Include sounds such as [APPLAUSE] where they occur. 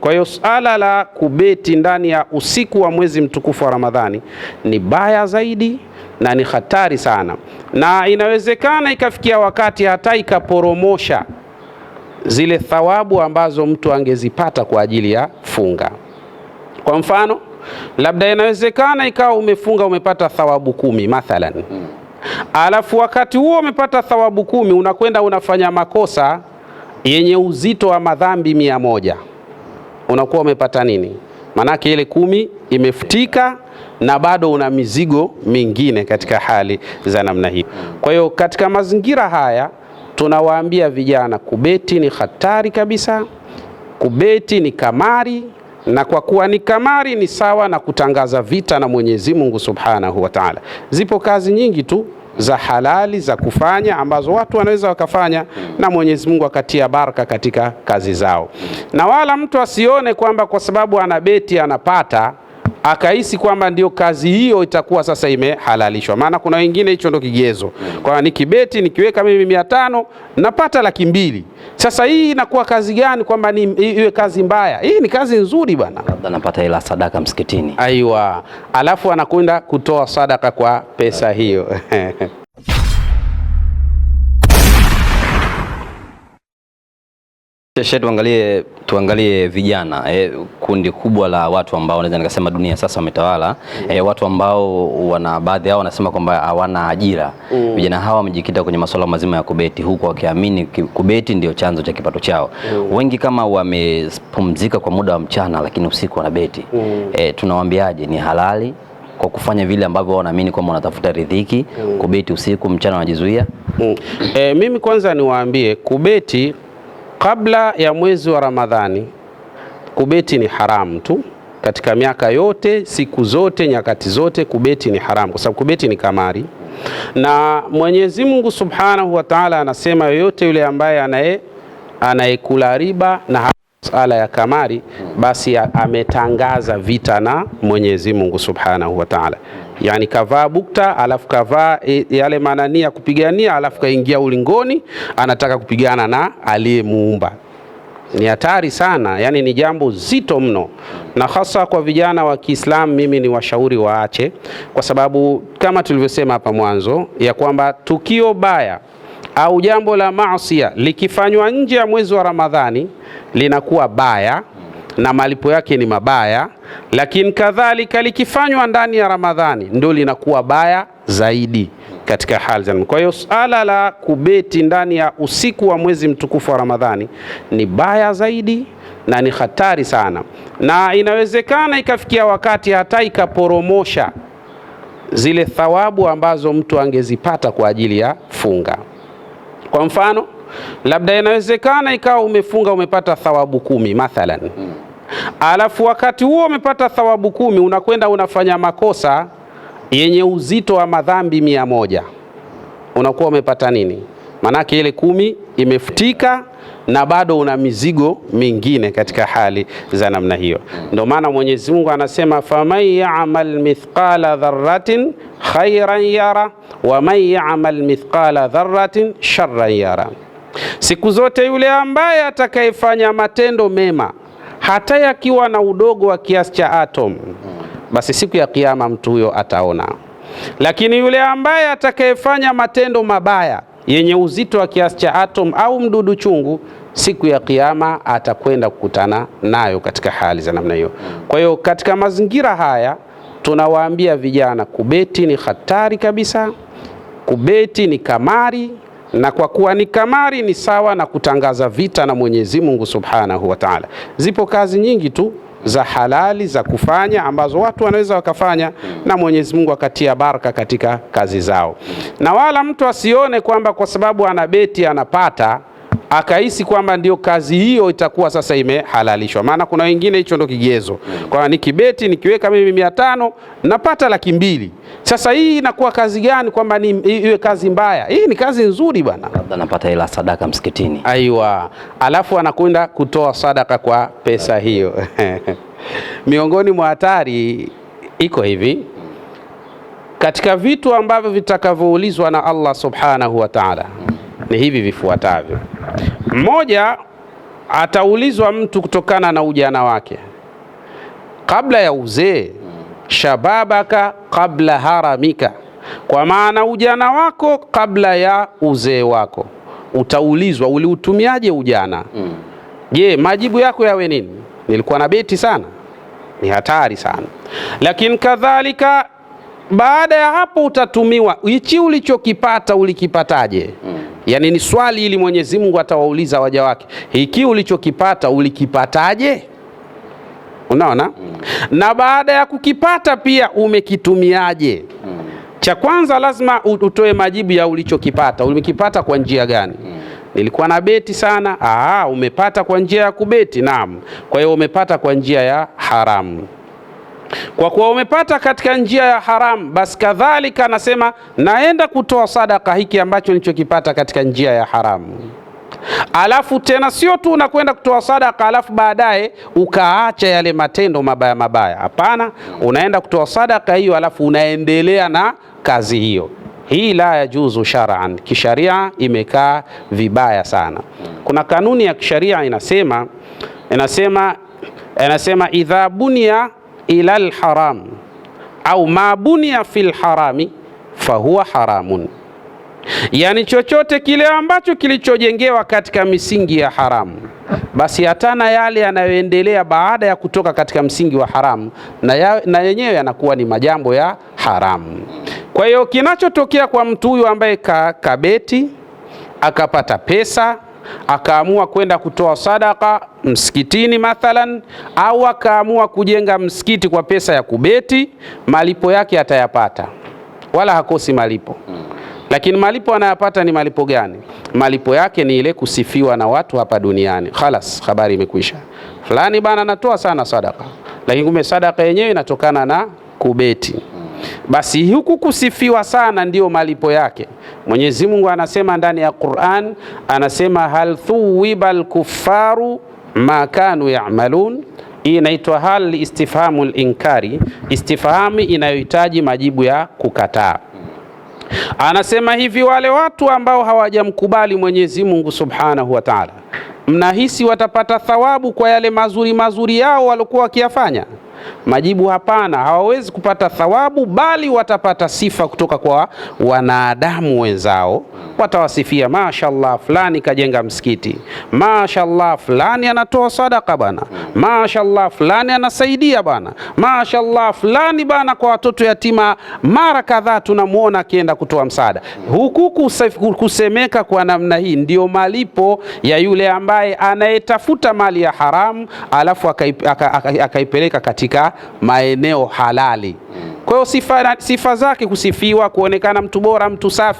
Kwa hiyo suala la kubeti ndani ya usiku wa mwezi mtukufu wa Ramadhani ni baya zaidi na ni hatari sana, na inawezekana ikafikia wakati hata ikaporomosha zile thawabu ambazo mtu angezipata kwa ajili ya funga. Kwa mfano, labda inawezekana ikawa umefunga umepata thawabu kumi mathalan, alafu wakati huo umepata thawabu kumi unakwenda unafanya makosa yenye uzito wa madhambi mia moja unakuwa umepata nini? Maanake ile kumi imefutika na bado una mizigo mingine katika hali za namna hii. Kwa hiyo katika mazingira haya tunawaambia vijana, kubeti ni hatari kabisa, kubeti ni kamari, na kwa kuwa ni kamari ni sawa na kutangaza vita na Mwenyezi Mungu Subhanahu wa Ta'ala. Zipo kazi nyingi tu za halali za kufanya ambazo watu wanaweza wakafanya na Mwenyezi Mungu akatia baraka katika kazi zao, na wala mtu asione kwamba kwa sababu ana beti anapata akahisi kwamba ndio kazi hiyo itakuwa sasa imehalalishwa. Maana kuna wengine hicho ndio kigezo, kwa nikibeti nikiweka mimi mia tano napata laki mbili. Sasa hii inakuwa kazi gani kwamba ni iwe kazi mbaya? Hii ni kazi nzuri bwana, labda napata hela sadaka msikitini. Aiwa, alafu anakwenda kutoa sadaka kwa pesa hiyo [LAUGHS] Sasa tuangalie tuangalie vijana eh, kundi kubwa la watu ambao naweza nikasema dunia sasa wametawala mm. eh, watu ambao wana baadhi yao wanasema kwamba hawana ajira mm. Vijana hawa wamejikita kwenye masuala mazima ya kubeti, huku wakiamini kubeti ndio chanzo cha kipato chao mm. Wengi kama wamepumzika kwa muda wa mchana, lakini usiku wanabeti mm. eh, tunawaambiaje ni halali kwa kufanya vile ambavyo wanaamini kwamba wanatafuta ridhiki mm. Kubeti usiku mchana wanajizuia mm. Eh, mimi kwanza niwaambie kubeti kabla ya mwezi wa Ramadhani kubeti ni haramu tu katika miaka yote, siku zote, nyakati zote, kubeti ni haramu kwa sababu kubeti ni kamari, na Mwenyezi Mungu Subhanahu wa Ta'ala anasema yoyote yule ambaye anaye anayekula riba na masala ya kamari, basi ametangaza vita na Mwenyezi Mungu Subhanahu wa Ta'ala. Yani kavaa bukta alafu kavaa e, yale manania ya kupigania alafu kaingia ulingoni, anataka kupigana na aliyemuumba. Ni hatari sana, yani ni jambo zito mno, na hasa kwa vijana wa Kiislamu. Mimi ni washauri waache, kwa sababu kama tulivyosema hapa mwanzo ya kwamba tukio baya au jambo la maasia likifanywa nje ya mwezi wa Ramadhani linakuwa baya na malipo yake ni mabaya, lakini kadhalika likifanywa ndani ya Ramadhani ndio linakuwa baya zaidi katika hali za. Kwa hiyo suala la kubeti ndani ya usiku wa mwezi mtukufu wa Ramadhani ni baya zaidi na ni hatari sana, na inawezekana ikafikia wakati hata ikaporomosha zile thawabu ambazo mtu angezipata kwa ajili ya funga. Kwa mfano labda inawezekana ikawa umefunga umepata thawabu kumi mathalan Alafu wakati huo umepata thawabu kumi unakwenda unafanya makosa yenye uzito wa madhambi mia moja unakuwa umepata nini? Maanake ile kumi imefutika na bado una mizigo mingine katika hali za namna hiyo. Ndio maana Mwenyezi Mungu anasema faman ya'mal mithqala dharratin khairan yara wa man ya'mal mithqala dharratin sharran yara, siku zote yule ambaye atakayefanya matendo mema hata yakiwa na udogo wa kiasi cha atom, basi siku ya Kiyama mtu huyo ataona, lakini yule ambaye atakayefanya matendo mabaya yenye uzito wa kiasi cha atom au mdudu chungu, siku ya Kiyama atakwenda kukutana nayo katika hali za namna hiyo. Kwa hiyo katika mazingira haya tunawaambia vijana, kubeti ni hatari kabisa, kubeti ni kamari, na kwa kuwa ni kamari, ni sawa na kutangaza vita na Mwenyezi Mungu Subhanahu wa Ta'ala. Zipo kazi nyingi tu za halali za kufanya ambazo watu wanaweza wakafanya na Mwenyezi Mungu akatia baraka katika kazi zao, na wala mtu asione kwamba kwa sababu ana beti anapata akahisi kwamba ndio kazi hiyo itakuwa sasa imehalalishwa. Maana kuna wengine hicho ndio kigezo kwamba nikibeti nikiweka mimi mia tano napata laki mbili. Sasa hii inakuwa kazi gani kwamba ni iwe kazi mbaya? Hii ni kazi nzuri bwana, labda napata hela sadaka msikitini. Aiwa, alafu anakwenda kutoa sadaka kwa pesa hiyo [LAUGHS] miongoni mwa hatari iko hivi katika vitu ambavyo vitakavyoulizwa na Allah subhanahu wa ta'ala ni hivi vifuatavyo. Mmoja, ataulizwa mtu kutokana na ujana wake kabla ya uzee, shababaka kabla haramika, kwa maana ujana wako kabla ya uzee wako. Utaulizwa uliutumiaje ujana? mm. Je, majibu yako yawe nini? Nilikuwa na beti sana, ni hatari sana. Lakini kadhalika baada ya hapo utatumiwa, hichi ulichokipata ulikipataje? mm. Yaani ni swali ili Mwenyezi Mungu atawauliza waja wake, hiki ulichokipata ulikipataje? Unaona mm. na baada ya kukipata pia umekitumiaje? mm. Cha kwanza lazima utoe majibu ya ulichokipata, ulikipata kwa njia gani? mm. Nilikuwa na beti sana. Aa, umepata kwa njia ya kubeti? Naam. Kwa hiyo umepata kwa njia ya haramu kwa kuwa umepata katika njia ya haramu, basi kadhalika anasema naenda kutoa sadaka hiki ambacho nilichokipata katika njia ya haramu. Alafu tena sio tu unakwenda kutoa sadaka alafu baadaye ukaacha yale matendo mabaya mabaya. Hapana, unaenda kutoa sadaka hiyo alafu unaendelea na kazi hiyo. Hii la yajuzu shar'an, kisharia imekaa vibaya sana. Kuna kanuni ya kisharia inasema inasema inasema idha bunia ila lharam au ma bunia fi lharami fahuwa haramun, yani chochote kile ambacho kilichojengewa katika misingi ya haramu, basi hatana yale yanayoendelea baada ya kutoka katika msingi wa haramu na yenyewe yanakuwa ni majambo ya haramu. Kwa hiyo kinachotokea kwa mtu huyu ambaye ka, kabeti akapata pesa akaamua kwenda kutoa sadaka msikitini mathalan, au akaamua kujenga msikiti kwa pesa ya kubeti, malipo yake atayapata, wala hakosi malipo. Lakini malipo anayapata ni malipo gani? Malipo yake ni ile kusifiwa na watu hapa duniani. Khalas, habari imekwisha. Fulani bana anatoa sana sadaka, lakini kumbe sadaka yenyewe inatokana na kubeti. Basi huku kusifiwa sana ndiyo malipo yake. Mwenyezi Mungu anasema ndani ya Qur'an, anasema hal thuwibal kufaru ma kanu ya'malun. Hii inaitwa hal istifhamu linkari, istifhamu inayohitaji majibu ya kukataa. Anasema hivi, wale watu ambao hawajamkubali Mwenyezi Mungu Subhanahu wa Ta'ala, mnahisi watapata thawabu kwa yale mazuri mazuri yao waliokuwa wakiyafanya? Majibu, hapana, hawawezi kupata thawabu, bali watapata sifa kutoka kwa wanadamu wenzao watawasifia, mashallah fulani kajenga msikiti, mashallah fulani anatoa sadaka bana, mashallah fulani anasaidia bana, mashallah fulani bana, kwa watoto yatima. Mara kadhaa tunamwona akienda kutoa msaada. Huku kusemeka kwa namna hii ndio malipo ya yule ambaye anayetafuta mali ya haramu alafu akaipeleka katika maeneo halali. Kwa hiyo sifa, sifa zake kusifiwa, kuonekana mtu bora, mtu safi.